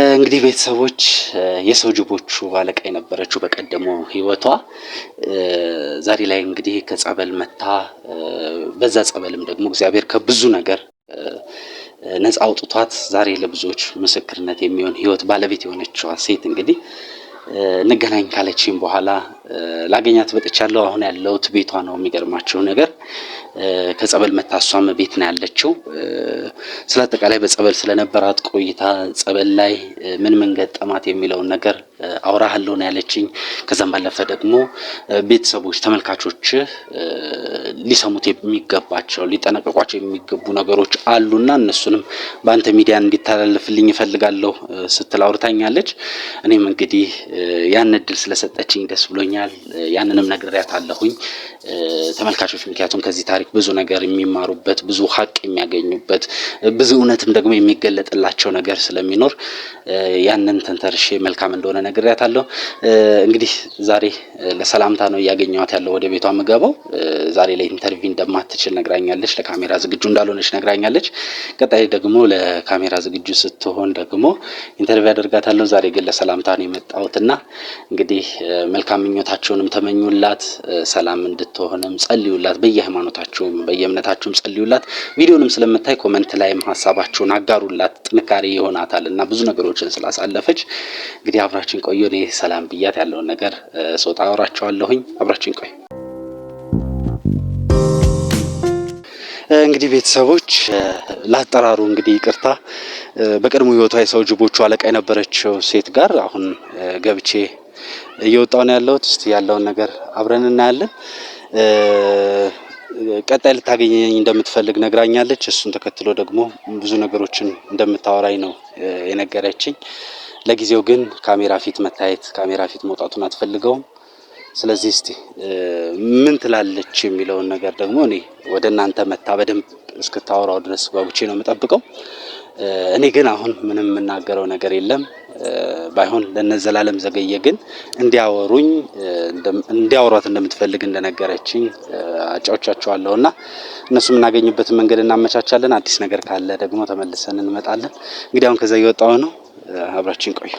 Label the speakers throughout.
Speaker 1: እንግዲህ ቤተሰቦች የሰው ጅቦቹ አለቃ የነበረችው በቀደሞ ህይወቷ ዛሬ ላይ እንግዲህ ከጸበል መታ በዛ ጸበልም ደግሞ እግዚአብሔር ከብዙ ነገር ነፃ አውጥቷት ዛሬ ለብዙዎች ምስክርነት የሚሆን ህይወት ባለቤት የሆነችዋ ሴት እንግዲህ እንገናኝ ካለችም በኋላ ላገኛት በጥቻለሁ። አሁን ያለሁት ቤቷ ነው። የሚገርማችሁ ነገር ከጸበል መታሷም ቤት ነው ያለችው። ስለ አጠቃላይ በጸበል ስለነበራት ቆይታ ጸበል ላይ ምን ምን ገጠማት የሚለውን ነገር አውራሃለሁ ነው ያለችኝ። ከዛም ባለፈ ደግሞ ቤተሰቦች፣ ተመልካቾች ሊሰሙት የሚገባቸው ሊጠነቀቋቸው የሚገቡ ነገሮች አሉና እነሱንም በአንተ ሚዲያ እንዲተላለፍልኝ ይፈልጋለሁ ስትል አውርታኛለች። እኔም እንግዲህ ያን እድል ስለሰጠችኝ ደስ ብሎኛል። ብላኛል። ያንንም ነግሬያታለሁኝ ተመልካቾች፣ ምክንያቱም ከዚህ ታሪክ ብዙ ነገር የሚማሩበት ብዙ ሀቅ የሚያገኙበት ብዙ እውነትም ደግሞ የሚገለጥላቸው ነገር ስለሚኖር ያንን ተንተርሼ መልካም እንደሆነ ነግሬያታለሁ። እንግዲህ ዛሬ ለሰላምታ ነው እያገኘኋት ያለው ወደ ቤቷ ምገባው። ዛሬ ላይ እንደማትችል ነግራኛለች። ለካሜራ ዝግጁ እንዳልሆነች ነግራኛለች። ቀጣይ ደግሞ ለካሜራ ዝግጁ ስትሆን ደግሞ ኢንተርቪው አደርጋታለሁ። ዛሬ ግን ለሰላምታ ነው የመጣሁትና እንግዲህ መልካም ምኞታ መጽናናታቸውንም ተመኙላት፣ ሰላም እንድትሆንም ጸልዩላት። በየሃይማኖታችሁም በየእምነታችሁም ጸልዩላት። ቪዲዮንም ስለምታይ ኮመንት ላይም ሀሳባችሁን አጋሩላት። ጥንካሬ ይሆናታል እና ብዙ ነገሮችን ስላሳለፈች እንግዲህ አብራችን ቆዩ። እኔ ሰላም ብያት ያለውን ነገር ሶጣ አወራቸዋለሁኝ። አብራችን ቆዩ። እንግዲህ ቤተሰቦች ላጠራሩ እንግዲህ ይቅርታ። በቀድሞ ህይወቷ የሰው ጅቦቹ አለቃ የነበረችው ሴት ጋር አሁን ገብቼ እየወጣው ነው ያለሁት። እስቲ ያለውን ነገር አብረን እናያለን። ቀጣይ ልታገኘኝ እንደምትፈልግ ነግራኛለች። እሱን ተከትሎ ደግሞ ብዙ ነገሮችን እንደምታወራኝ ነው የነገረችኝ። ለጊዜው ግን ካሜራ ፊት መታየት፣ ካሜራ ፊት መውጣቱን አትፈልገውም። ስለዚህ እስቲ ምን ትላለች የሚለውን ነገር ደግሞ እኔ ወደ እናንተ መታ በደንብ እስክታወራው ድረስ ጓጉቼ ነው የምጠብቀው። እኔ ግን አሁን ምንም የምናገረው ነገር የለም። ባይሆን ለነዘላለም ዘገየ ግን እንዲያወሩኝ እንዲያወሯት እንደምትፈልግ እንደነገረችኝ አለው እና እነሱ የምናገኝበትን መንገድ እናመቻቻለን። አዲስ ነገር ካለ ደግሞ ተመልሰን እንመጣለን። እንግዲህ አሁን ከዛ እየወጣሁ ነው። አብራችን ቆዩ።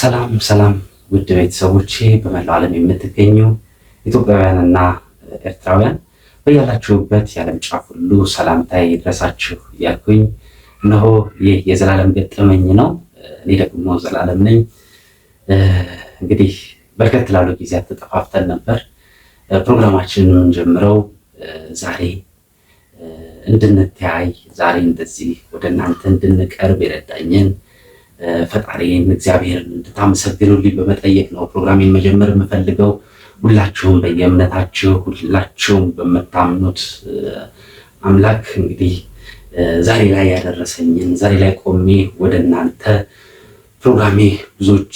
Speaker 1: ሰላም ሰላም ውድ ቤተሰቦቼ በመላው ዓለም የምትገኙ ኢትዮጵያውያንና ኤርትራውያን በያላችሁበት የዓለም ጫፍ ሁሉ ሰላምታ ይድረሳችሁ እያልኩኝ እነሆ ይህ የዘላለም ገጠመኝ ነው። እኔ ደግሞ ዘላለም ነኝ። እንግዲህ በርከት ላሉ ጊዜያት ተጠፋፍተን ነበር። ፕሮግራማችንን የምንጀምረው ዛሬ እንድንተያይ ዛሬ እንደዚህ ወደ እናንተ እንድንቀርብ የረዳኝን ፈጣሪን እግዚአብሔርን እንድታመሰግኑልኝ በመጠየቅ ነው ፕሮግራሜን መጀመር የምፈልገው። ሁላችሁም በየእምነታችሁ ሁላችሁም በምታምኑት አምላክ እንግዲህ ዛሬ ላይ ያደረሰኝን ዛሬ ላይ ቆሜ ወደ እናንተ ፕሮግራሜ ብዙዎች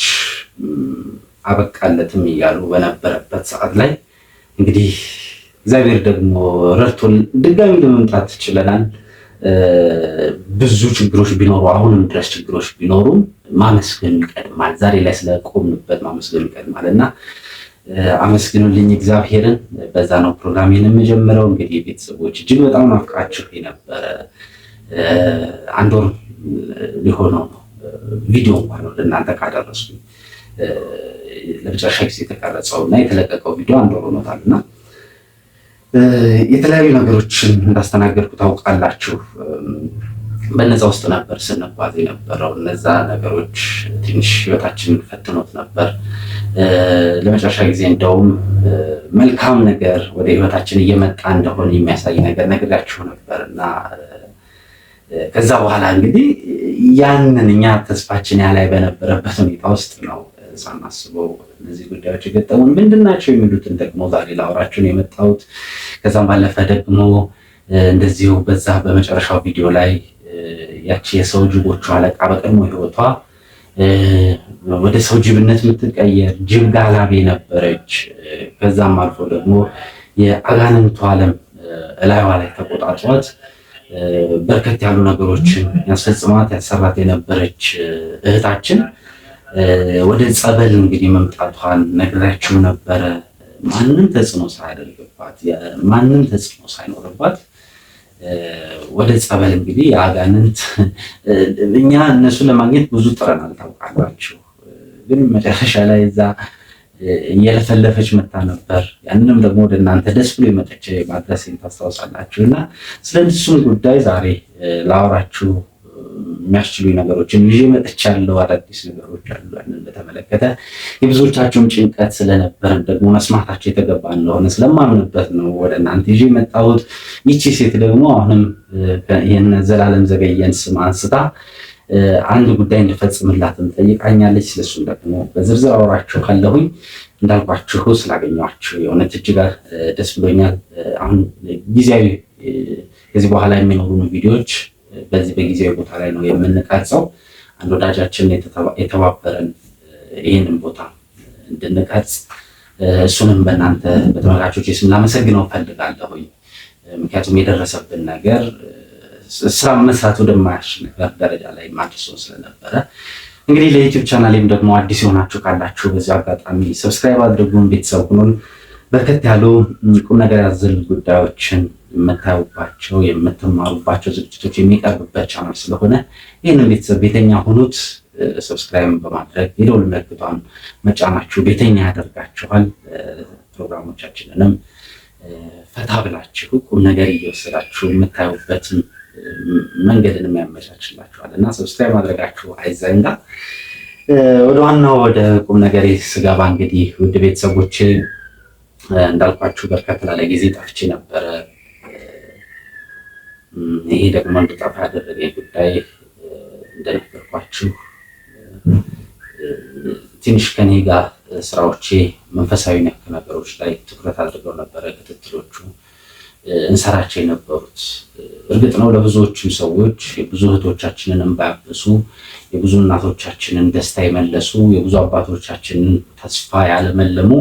Speaker 1: አበቃለትም እያሉ በነበረበት ሰዓት ላይ እንግዲህ እግዚአብሔር ደግሞ ረድቶን ድጋሚ ለመምጣት ችለናል። ብዙ ችግሮች ቢኖሩ አሁንም ድረስ ችግሮች ቢኖሩ ማመስገን ይቀድማል። ዛሬ ላይ ስለቆምንበት ማመስገን ይቀድማል እና አመስግኑልኝ እግዚአብሔርን። በዛ ነው ፕሮግራሜን የምጀምረው። እንግዲህ ቤተሰቦች እጅግ በጣም ናፍቃችሁ የነበረ አንድ ወር ሊሆነው ነው ቪዲዮ እንኳን ወደ እናንተ ካደረሱ ለመጨረሻ ጊዜ የተቀረጸው እና የተለቀቀው ቪዲዮ አንድ ወር ሆኖታል እና የተለያዩ ነገሮችን እንዳስተናገድኩ ታውቃላችሁ። በነዛ ውስጥ ነበር ስንጓዝ የነበረው። እነዛ ነገሮች ትንሽ ህይወታችንን ፈትኖት ነበር። ለመጨረሻ ጊዜ እንደውም መልካም ነገር ወደ ህይወታችን እየመጣ እንደሆነ የሚያሳይ ነገር ነግሬያችሁ ነበር እና ከዛ በኋላ እንግዲህ ያንን እኛ ተስፋችን ያላይ በነበረበት ሁኔታ ውስጥ ነው ሳናስበው እነዚህ ጉዳዮች የገጠሙን ምንድን ናቸው የሚሉትን ደግሞ ዛሬ ላውራችሁን የመጣሁት። ከዛም ባለፈ ደግሞ እንደዚሁ በዛ በመጨረሻው ቪዲዮ ላይ ያቺ የሰው ጅቦቹ አለቃ በቀድሞ ህይወቷ ወደ ሰው ጅብነት የምትቀየር ጅብ ጋላቤ ነበረች። ከዛም አልፎ ደግሞ የአጋንንቱ ዓለም እላይዋ ላይ ተቆጣጥሯት በርከት ያሉ ነገሮችን ያስፈጽማት ያሰራት የነበረች እህታችን ወደ ጸበል እንግዲህ መምጣቷን ነግራችሁ ነበረ። ማንም ተጽዕኖ ሳያደርግባት ማንም ተጽዕኖ ሳይኖርባት ወደ ጸበል እንግዲህ የአጋንንት እኛ እነሱን ለማግኘት ብዙ ጥረናል፣ ታውቃላችሁ። ግን መጨረሻ ላይ እዛ እየለፈለፈች መታ ነበር። ያንንም ደግሞ ወደ እናንተ ደስ ብሎ የመጠቸ ማድረሴን ታስታውሳላችሁ። እና ስለሱም ጉዳይ ዛሬ ላወራችሁ የሚያስችሉ ነገሮችን ይዤ መጥቻለሁ። አዳዲስ ነገሮች አሉ። ያንን በተመለከተ የብዙዎቻቸውን ጭንቀት ስለነበረን ደግሞ መስማታቸው የተገባ እንደሆነ ስለማምንበት ነው ወደ እናንተ ይዤ መጣሁት። ይቺ ሴት ደግሞ አሁንም ይህን ዘላለም ዘገየን ስም አንስታ አንድ ጉዳይ እንድፈጽምላትም ጠይቃኛለች። ስለሱም ደግሞ በዝርዝር አውራችሁ ካለሁኝ እንዳልኳችሁ ስላገኘኋችሁ የእውነት እጅግ ደስ ብሎኛል። አሁን ጊዜያዊ ከዚህ በኋላ የሚኖሩ ቪዲዮዎች በዚህ በጊዜያዊ ቦታ ላይ ነው የምንቀርጸው። አንድ ወዳጃችን የተባበረን ይህንን ቦታ እንድንቀርጽ እሱንም በእናንተ በተመልካቾች ስም ላመሰግነው ፈልጋለሁኝ። ምክንያቱም የደረሰብን ነገር ስራ መስራት ወደማያሽ ነገር ደረጃ ላይ ማድረሱን ስለነበረ እንግዲህ ለዩቲዩብ ቻናሌም ደግሞ አዲስ የሆናችሁ ካላችሁ በዚህ አጋጣሚ ሰብስክራይብ አድርጉን፣ ቤተሰብ ሁኑን። በርከት ያሉ ቁም ነገር ያዘል ጉዳዮችን የምታዩባቸው የምትማሩባቸው ዝግጅቶች የሚቀርብበት ቻናል ስለሆነ ይህንን ቤተሰብ ቤተኛ ሁኑት። ሰብስክራይብ በማድረግ የደውል ምልክቷን መጫናችሁ ቤተኛ ያደርጋችኋል። ፕሮግራሞቻችንንም ፈታ ብላችሁ ቁም ነገር እየወሰዳችሁ የምታዩበትን መንገድን የሚያመቻችላችኋል እና ሰብስክራይብ ማድረጋችሁ አይዘንጋ። ወደ ዋናው ወደ ቁም ነገር ስገባ እንግዲህ ውድ ቤተሰቦች እንዳልኳችሁ በርከት ላለ ጊዜ ጠፍቼ ነበረ። ይሄ ደግሞ እንድጠፋ ያደረገኝ ጉዳይ እንደነገርኳችሁ ትንሽ ከኔ ጋር ስራዎቼ መንፈሳዊ ነክ ነገሮች ላይ ትኩረት አድርገው ነበረ ክትትሎቹ እንሰራቸው የነበሩት። እርግጥ ነው ለብዙዎችም ሰዎች የብዙ እህቶቻችንን እንባያብሱ የብዙ እናቶቻችንን ደስታ የመለሱ፣ የብዙ አባቶቻችንን ተስፋ ያለመለሙ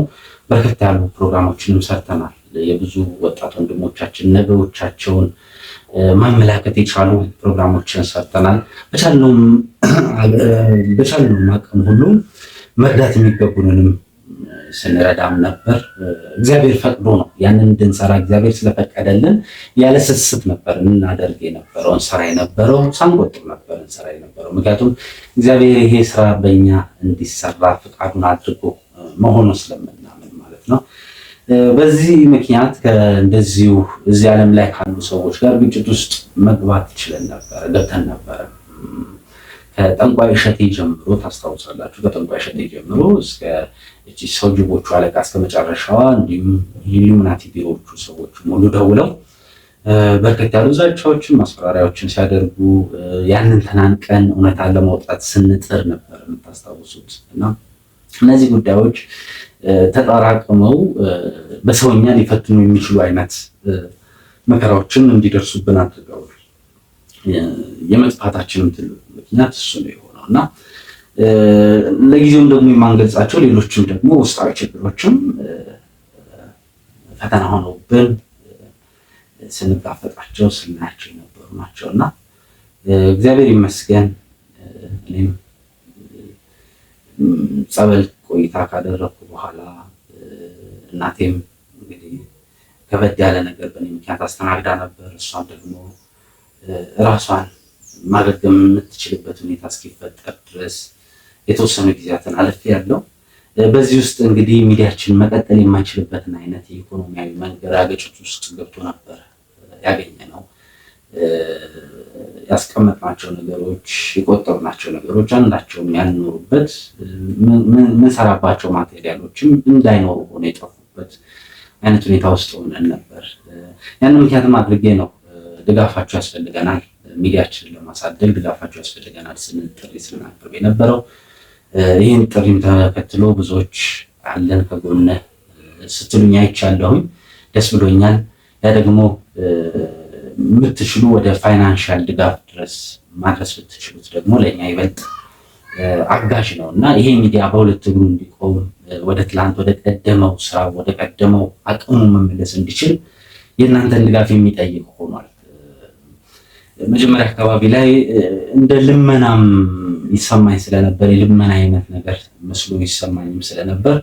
Speaker 1: በርከት ያሉ ፕሮግራሞችንም ሰርተናል። የብዙ ወጣት ወንድሞቻችን ነገሮቻቸውን ማመላከት የቻሉ ፕሮግራሞችን ሰርተናል። በቻልነውም አቅም ሁሉ መርዳት የሚገቡንንም ስንረዳም ነበር። እግዚአብሔር ፈቅዶ ነው ያንን እንድንሰራ እግዚአብሔር ስለፈቀደልን ያለ ስስት ነበር እናደርግ የነበረውን ስራ የነበረው ሳንቆጥብ ነበር እንሰራ የነበረው። ምክንያቱም እግዚአብሔር ይሄ ስራ በእኛ እንዲሰራ ፍቃዱን አድርጎ መሆኑን ስለምናምን ማለት ነው። በዚህ ምክንያት ከእንደዚሁ እዚህ ዓለም ላይ ካሉ ሰዎች ጋር ግጭት ውስጥ መግባት ችለን ነበረ፣ ገብተን ነበረ። ከጠንቋይ እሸቴ ጀምሮ ታስታውሳላችሁ። ከጠንቋይ እሸቴ ጀምሮ እስከ እቺ ሰው ጅቦቹ አለቃ እስከ መጨረሻዋ፣ እንዲሁም የኢሉሚናቲ ቢሮዎቹ ሰዎች ሙሉ ደውለው በርከት ያሉ ዛቻዎችን፣ ማስፈራሪያዎችን ሲያደርጉ ያንን ተናንቀን እውነታን ለማውጣት ስንጥር ነበር የምታስታውሱት እና እነዚህ ጉዳዮች ተጠራቅመው በሰውኛ ሊፈትኑ የሚችሉ አይነት መከራዎችን እንዲደርሱብን አድርገው የመጥፋታችንም ትልቁ ምክንያት እሱ ነው የሆነው እና ለጊዜውም ደግሞ የማንገልጻቸው ሌሎችም ደግሞ ውስጣዊ ችግሮችም ፈተና ሆነውብን ስንጋፈጣቸው ስናያቸው የነበሩ ናቸው እና እግዚአብሔር ይመስገን እኔም ጸበል ቆይታ ካደረግኩ በኋላ እናቴም እንግዲህ ከበድ ያለ ነገር በእኔ ምክንያት አስተናግዳ ነበር። እሷም ደግሞ ራሷን ማገገም የምትችልበት ሁኔታ እስኪፈጠር ድረስ የተወሰኑ ጊዜያትን አልፍ ያለው በዚህ ውስጥ እንግዲህ ሚዲያችን መቀጠል የማይችልበትን አይነት የኢኮኖሚያዊ መንገራገጮች ውስጥ ገብቶ ነበር ያገኘ ነው። ያስቀመጥናቸው ነገሮች የቆጠሩናቸው ነገሮች አንዳቸውም ያልኖሩበት ምንሰራባቸው ማቴሪያሎችም እንዳይኖሩ ሆነ የጠፉበት አይነት ሁኔታ ውስጥ ሆነን ነበር። ያንን ምክንያትም አድርጌ ነው ድጋፋቸው ያስፈልገናል፣ ሚዲያችንን ለማሳደግ ድጋፋቸው ያስፈልገናል ስንል ጥሪ ስናቀርብ የነበረው። ይህን ጥሪም ተከትሎ ብዙዎች አለን ከጎነ ስትሉኝ አይቻለሁኝ። ደስ ብሎኛል። ያ ደግሞ የምትችሉ ወደ ፋይናንሻል ድጋፍ ድረስ ማድረስ ብትችሉት ደግሞ ለእኛ ይበልጥ አጋዥ ነው እና ይሄ ሚዲያ በሁለት እግሩ እንዲቆም ወደ ትላንት ወደ ቀደመው ስራ ወደ ቀደመው አቅሙ መመለስ እንዲችል የእናንተን ድጋፍ የሚጠይቅ ሆኗል። መጀመሪያ አካባቢ ላይ እንደ ልመናም ይሰማኝ ስለነበር የልመና አይነት ነገር መስሎ ይሰማኝም ስለነበር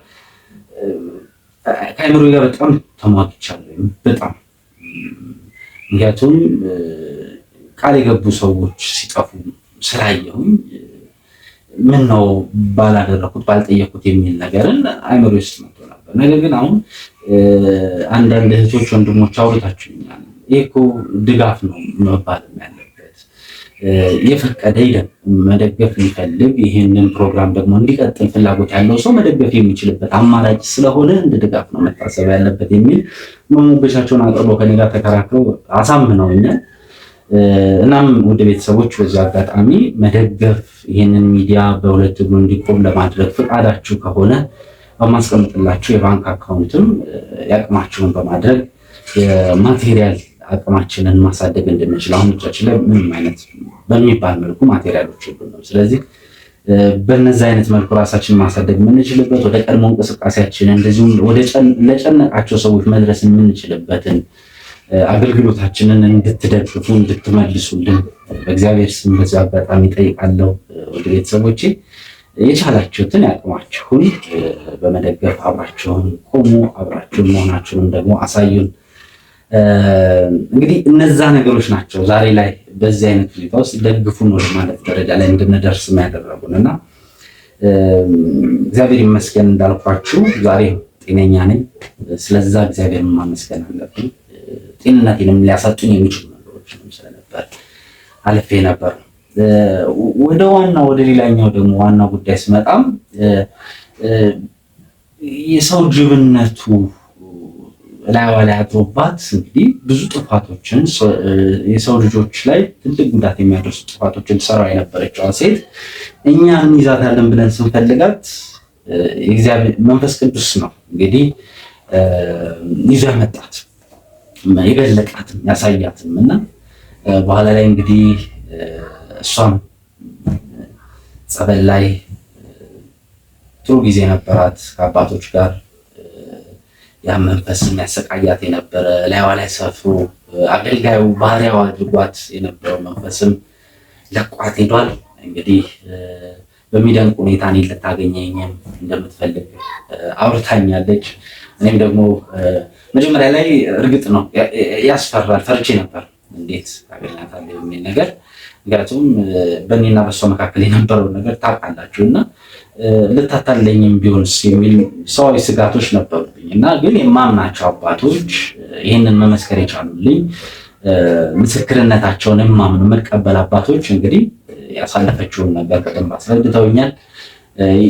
Speaker 1: ከአይምሮ ጋር በጣም ተሟግቻለሁ በጣም ምክንያቱም ቃል የገቡ ሰዎች ሲጠፉ ስላየሁኝ ምን ነው ባላደረኩት ባልጠየኩት የሚል ነገርን አይምሮ ውስጥ መጥቶ ነበር። ነገር ግን አሁን አንዳንድ እህቶች ወንድሞች አውርታችሁኛል። ይህ እኮ ድጋፍ ነው መባልም ያለ የፈቀደ ይደም መደገፍ የሚፈልግ ይህንን ፕሮግራም ደግሞ እንዲቀጥል ፍላጎት ያለው ሰው መደገፍ የሚችልበት አማራጭ ስለሆነ እንደ ድጋፍ ነው መታሰብ ያለበት የሚል መሞገሻቸውን አቅርበው ከኔ ጋር ተከራክረው አሳምነውኛል። እናም ወደ ቤተሰቦች በዚ አጋጣሚ መደገፍ ይህንን ሚዲያ በሁለት እግሩ እንዲቆም ለማድረግ ፈቃዳችሁ ከሆነ በማስቀምጥላችሁ የባንክ አካውንትም ያቅማችሁን በማድረግ የማቴሪያል አቅማችንን ማሳደግ እንድንችል አሁን እጃችን ላይ ምንም አይነት በሚባል መልኩ ማቴሪያሎች የሉንም። ስለዚህ በነዚህ አይነት መልኩ ራሳችን ማሳደግ የምንችልበት ወደ ቀድሞ እንቅስቃሴያችን እንደዚሁም ለጨነቃቸው ሰዎች መድረስ የምንችልበትን አገልግሎታችንን እንድትደግፉ እንድትመልሱልን በእግዚአብሔር ስም በዚ አጋጣሚ ጠይቃለሁ። ወደ ቤተሰቦች የቻላችሁትን ያቅማችሁን በመደገፍ አብራችሁን ቆሙ፣ አብራችሁን መሆናችሁንም ደግሞ አሳዩን። እንግዲህ እነዛ ነገሮች ናቸው ዛሬ ላይ በዚህ አይነት ሁኔታ ውስጥ ደግፉ ነው ማለት ደረጃ ላይ እንድንደርስ ያደረጉን እና እግዚአብሔር ይመስገን እንዳልኳችሁ ዛሬ ጤነኛ ነኝ። ስለዛ እግዚአብሔር ማመስገን አለብኝ። ጤንነቴንም ሊያሳጡኝ የሚችሉ ነገሮች ስለነበር አልፌ ነበር። ወደ ዋና ወደ ሌላኛው ደግሞ ዋና ጉዳይ ስመጣም የሰው ጅብነቱ ላይዋ ላይ አድሮባት እንግዲህ ብዙ ጥፋቶችን የሰው ልጆች ላይ ትልቅ ጉዳት የሚያደርሱ ጥፋቶችን ትሰራ የነበረችዋ ሴት እኛ እንይዛታለን ብለን ስንፈልጋት መንፈስ ቅዱስ ነው እንግዲህ ይዞ ያመጣት የገለጣትም ያሳያትም እና በኋላ ላይ እንግዲህ እሷም ጸበል ላይ ጥሩ ጊዜ ነበራት ከአባቶች ጋር ያ መንፈስ የሚያሰቃያት የነበረ ላይዋ ላይ ሰፍሮ አገልጋዩ ባህሪያው አድርጓት የነበረው መንፈስም ለቋት ሄዷል። እንግዲህ በሚደንቅ ሁኔታ እኔን ልታገኘኝም እንደምትፈልግ አውርታኛለች። እኔም ደግሞ መጀመሪያ ላይ እርግጥ ነው ያስፈራል፣ ፈርቼ ነበር እንዴት ታገኛታለህ የሚል ነገር። ምክንያቱም በእኔና በእሷ መካከል የነበረውን ነገር ታውቃላችሁ እና ልታታለኝም ቢሆንስ የሚል ሰዋዊ ስጋቶች ነበሩብኝ እና ግን የማምናቸው አባቶች ይህንን መመስከር የቻሉልኝ ምስክርነታቸውን የማምኑ መቀበል አባቶች እንግዲህ ያሳለፈችውን ነገር በደንብ አስረድተውኛል።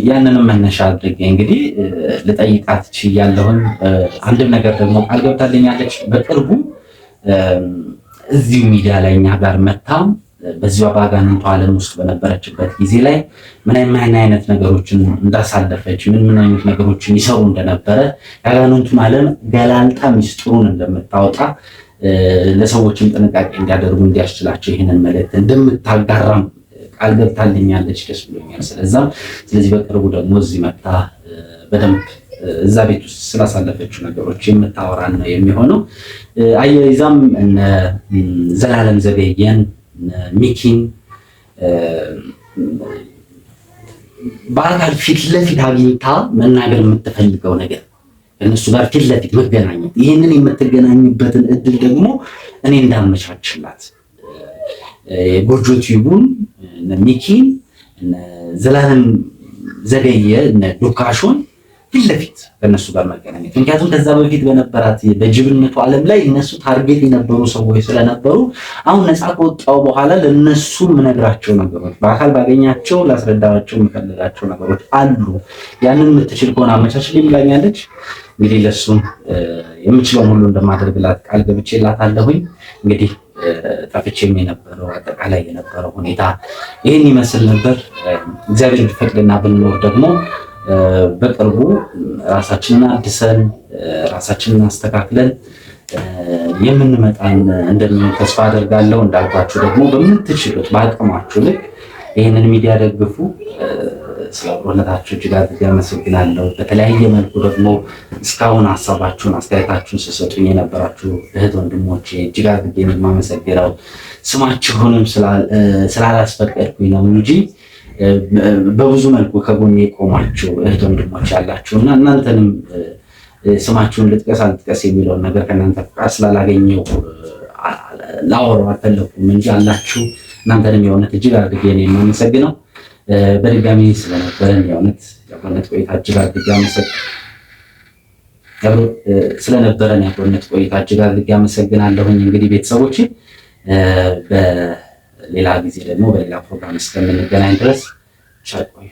Speaker 1: ያንንም መነሻ አድርጌ እንግዲህ ልጠይቃት ያለሁን አንድም ነገር ደግሞ ቃል ገብታልኛለች። በቅርቡ እዚሁ ሚዲያ ላይ እኛ ጋር መታም በዚሁ በአጋንንቱ ዓለም ውስጥ በነበረችበት ጊዜ ላይ ምን ምን አይነት ነገሮችን እንዳሳለፈች ምን ምን አይነት ነገሮችን ይሰሩ እንደነበረ የአጋንንቱን ዓለም ገላልጣ ሚስጥሩን እንደምታወጣ ለሰዎችም ጥንቃቄ እንዲያደርጉ እንዲያስችላቸው ይህንን መልእክት እንደምታጋራም ቃል ገብታልኛለች። ደስ ብሎኛል። ስለዛም ስለዚህ በቅርቡ ደግሞ እዚህ መጣ በደንብ እዛ ቤት ውስጥ ስላሳለፈችው ነገሮች የምታወራን ነው የሚሆነው። አያይዛም ዘላለም ዘገየን ሚኪን ባህርዳር ፊት ለፊት አግኝታ መናገር የምትፈልገው ነገር እነሱ ጋር ፊት ለፊት መገናኘት፣ ይህንን የምትገናኝበትን እድል ደግሞ እኔ እንዳመቻችላት ጎጆ ቲዩቡን ሚኪን ዘላለም ዘገየ ዶካሾን ፊት ለፊት ከእነሱ ጋር መገናኘት። ምክንያቱም ከዛ በፊት በነበራት በጅብነቱ ዓለም ላይ እነሱ ታርጌት የነበሩ ሰዎች ስለነበሩ አሁን ነፃ ከወጣው በኋላ ለእነሱ የምነግራቸው ነገሮች፣ በአካል ባገኛቸው ላስረዳቸው የምፈልጋቸው ነገሮች አሉ። ያንን የምትችል ከሆነ አመቻችልኝ ብላኛለች። እንግዲህ ለእሱም የምችለውን ሁሉ እንደማደርግላት ቃል ገብቼላታለሁኝ። እንግዲህ ጠፍቼም የነበረው አጠቃላይ የነበረው ሁኔታ ይህን ይመስል ነበር። እግዚአብሔር ቢፈቅድና ብንኖር ደግሞ በቅርቡ ራሳችንን አድሰን ራሳችንን አስተካክለን የምንመጣን እንደሚሆን ተስፋ አደርጋለሁ። እንዳልኳችሁ ደግሞ በምትችሉት በአቅማችሁ ልክ ይህንን ሚዲያ ደግፉ። ስለ አብሮነታችሁ እጅግ አድርጌ አመሰግናለሁ። በተለያየ መልኩ ደግሞ እስካሁን ሀሳባችሁን፣ አስተያየታችሁን ስሰጡኝ የነበራችሁ እህት ወንድሞቼ እጅግ አድርጌ የማመሰግነው ስማችሁንም ስላላስፈቀድኩኝ ነው እንጂ በብዙ መልኩ ከጎኔ የቆማችሁ እህት ወንድሞች ያላችሁ እና እናንተንም ስማችሁን ልጥቀስ አልጥቀስ የሚለውን ነገር ከእናንተ ፍቃድ ስላላገኘው ላወራው አልፈለኩም እንጂ አላችሁ። እናንተንም የእውነት እጅግ አድርጌ ነው የማመሰግነው። በድጋሚ ስለነበረን የእውነት የአብሮነት ቆይታ እጅግ አድርጌ ስለነበረን የአብሮነት ቆይታ እጅግ አድርጌ አመሰግናለሁኝ። እንግዲህ ቤተሰቦች ሌላ ጊዜ ደግሞ በሌላ ፕሮግራም እስከምንገናኝ ድረስ ቸር ቆዩ።